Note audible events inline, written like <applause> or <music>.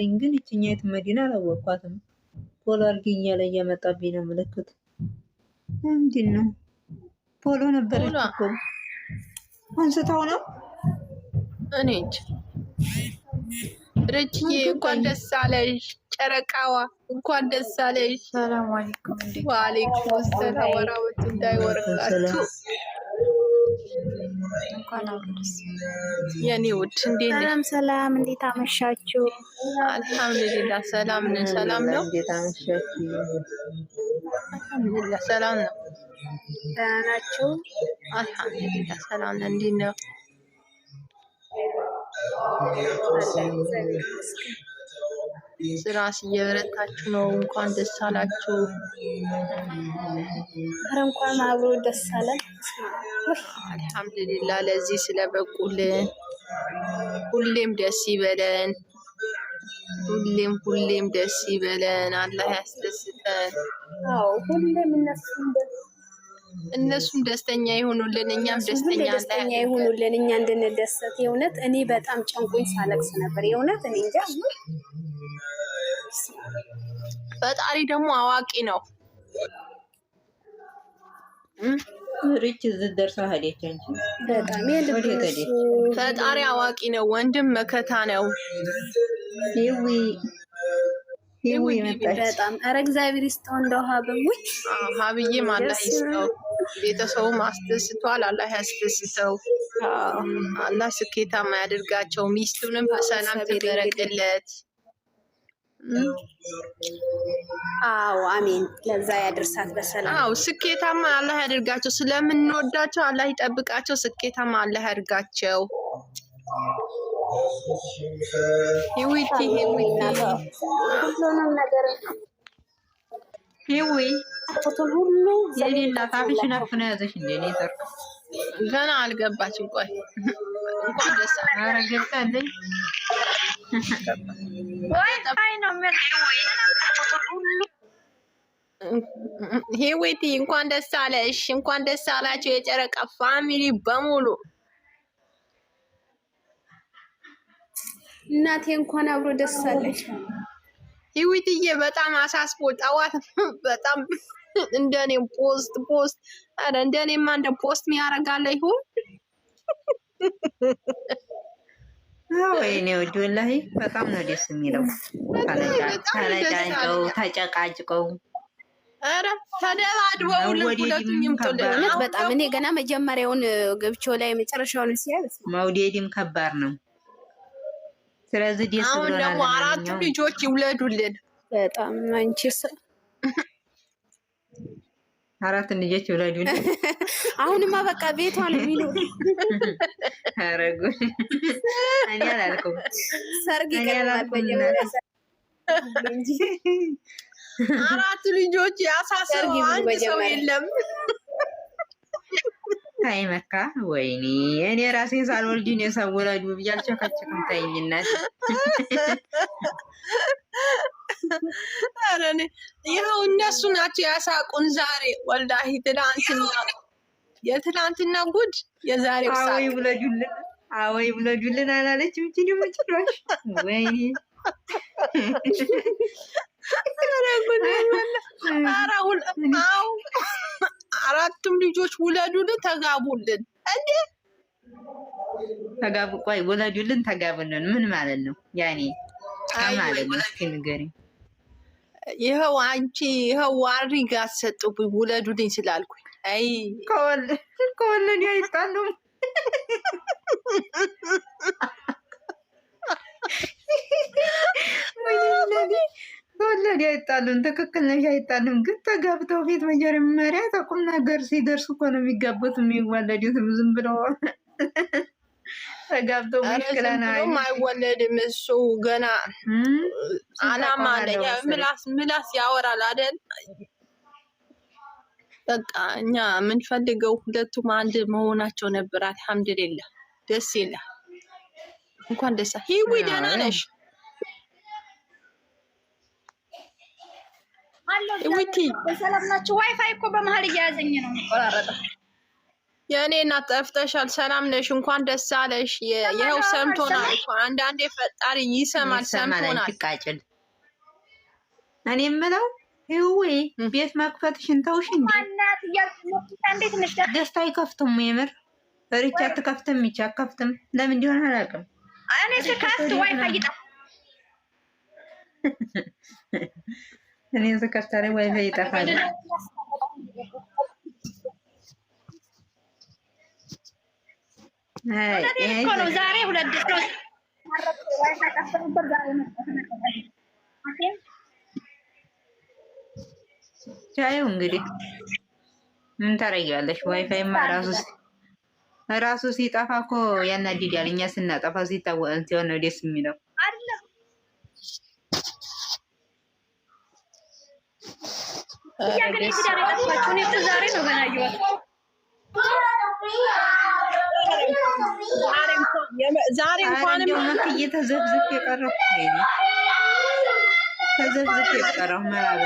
አለብኝ፣ ግን የት መዲና አላወቅኳትም። ፖሎ አርጊኛ ላይ እያመጣብኝ ነው ምልክት ምንድን ነው? ፖሎ ነበረች እኮ አንስታው ነው እኔ እንጂ ረጅዬ እንኳን ደስ አለሽ ጨረቃዋ፣ እንኳን ደስ አለሽ። ሰላም አለይኩም። ወአለይኩም ሰላም ወራወት እንዳይወርቃችሁ እንኳን አውቅስ የኔ ውድ እንዴት ሰላም ሰላም፣ እንዴት አመሻችሁ? አልሐምዱሊላህ ሰላም ነን። ሰላም ነው። እንዴት አመሻችሁ? አልሐምዱሊላህ ሰላም ነው። ደህና ናችሁ? አልሐምዱሊላህ ሰላም ነን። እንዴት ነው? ስራ እየበረታችሁ ነው። እንኳን ደስ አላችሁ። አረ እንኳን አብሮ ደስ አለን። አልሐምዱሊላ ለዚህ ስለበቁልን። ሁሌም ደስ ይበለን። ሁሌም ሁሌም ደስ ይበለን። አላህ ያስደስተን። አዎ ሁሌም እነሱም እነሱም ደስተኛ ይሆኑልን፣ እኛም ደስተኛ ደስተኛ ይሆኑልን፣ እኛ እንድንደሰት። የእውነት እኔ በጣም ጨንቆኝ ሳለቅስ ነበር። የእውነት እኔ እንጃ ፈጣሪ ደግሞ አዋቂ ነው። ሪች እዚህ ደርሳ ሄደች እንጂ ፈጣሪ አዋቂ ነው። ወንድም መከታ ነው። ይዊ ይዊ በጣም ኧረ እግዚአብሔር ይስጠው እንደው ሀብዬ ሀብዬም አላህ ይስጠው። ቤተሰቡም አስደስቷል። አላህ ያስደስተው። አላህ ስኬታማ ያደርጋቸው። ሚስቱንም ሰላም ትደረግለት። አዎ አሜን። ለዛ ያድርሳት በሰላም። አዎ ስኬታማ አላህ ያደርጋቸው። ስለምንወዳቸው አላህ ይጠብቃቸው። ስኬታማ አላህ ያደርጋቸው። ህዊቲ ሁሉንም ነገር ህዊ ሁሉ የሌላት አፍሽን አፍና ያዘሽ እንደ እኔ ዘርክ ገና አልገባችም። ቆይ እንኳን ደስ አረገብታለኝ ህይወቲ እንኳን ደስ አለሽ፣ እንኳን ደስ አላቸው የጨረቃ ፋሚሊ በሙሉ። እናቴ እንኳን አብሮ ደስ አለሽ ህይወትዬ። በጣም አሳስቦ ጠዋት በጣም እንደኔ ፖስት ፖስት፣ ኧረ እንደኔማ እንደ ፖስት ሚያረጋለ ይሁን ወይኔ ውድ ወላሂ በጣም ነው ደስ የሚለው። ተነጫንጨው ተጨቃጭቀው ተደባድበውለት በጣም እኔ ገና መጀመሪያውን ገብቼው ላይ መጨረሻውን ሲያይ መውደድም ከባድ ነው። ስለዚህ ደስ ብሎናል። አሁን ደግሞ አራቱ ልጆች ይውለዱልን በጣም አንቺ አራት ልጆች ወላዱ <laughs> አሁንማ በቃ ቤቷ ነው የሚሉ አረጉን እኔ አላልኩም። ሰርግ <laughs> አራት ልጆች ያሳሰሩ አንድ ሰው የለም። <laughs> ታይ መካ ወይኔ እኔ ራሴ ሳልወልድን ነው የሰው ወላዱ ብያልቸው ከችኩም ታይኝነት ይኸው እነሱ ናቸው ያሳቁን ዛሬ። ወልዳ ትላንትና የትላንትና ጉድ የዛሬ አወይ ብለጁልን አላለች እንጂ ደግሞ ጭራሽ አራቱም ልጆች ውለዱልን፣ ተጋቡልን። እንዴ ተጋቡ? ቆይ ውለዱልን፣ ተጋቡልን ምን ማለት ነው? ያኔ ማለት ነው? ንገሪኝ። ይኸው አንቺ ይኸው አድርግ አሰጡብኝ ውለዱልኝ ስላልኩኝ አይ ከወለን አይጣሉም ከወለድ አይጣሉም። ትክክል ነሽ፣ አይጣሉም። ግን ተጋብተው ፊት መጀመሪያ ተቁም ነገር ሲደርስ እኮ ነው የሚጋቡት የሚወለዱት ዝም ብለው ገብቶ አይወለድም። እሱ ገና አላማ አለኝ። ምላስ ምላስ ያወራል አደል? በቃ እኛ የምንፈልገው ሁለቱም አንድ መሆናቸው ነበር። አልሐምድሊላ ደስ ይላ። እንኳን ደሳ ሂዊ ደህና ነሽ? ዊቲ በሰላም ናቸው። ዋይፋይ እኮ በመሀል እያያዘኝ ነው ቆራረጠ የእኔ እናት ጠፍተሻል። ሰላም ነሽ? እንኳን ደስ አለሽ። ይኸው ሰምቶናል እኮ አንዳንዴ ፈጣሪ ይሰማል፣ ሰምቶናል። እኔ የምለው ይውይ ቤት መክፈትሽን ተውሽ እንዴ! ደስታ አይከፍትም። የምር ሪቻ አትከፍትም፣ ይቻ አትከፍትም። ለምን እንዲሆን አላውቅም። እኔ ስከፍት ወይ ፈይጣ እኔ ስከፍታ ላይ ወይ ፈይጣ ዛሬ ሁለት ቻዩ እንግዲህ ምን ታረጊያለሽ? ዋይፋይ ራሱ ራሱ ሲጠፋ እኮ ያናድዳል። እኛ ስናጠፋ ሲታወቀን ሲሆን ነው ደስ የሚለው። ዛሬ ነው ገና ዛሬ እንኳን ተዘብዝብ የቀረሁ ተዘብዝብ የቀረሁ መራበ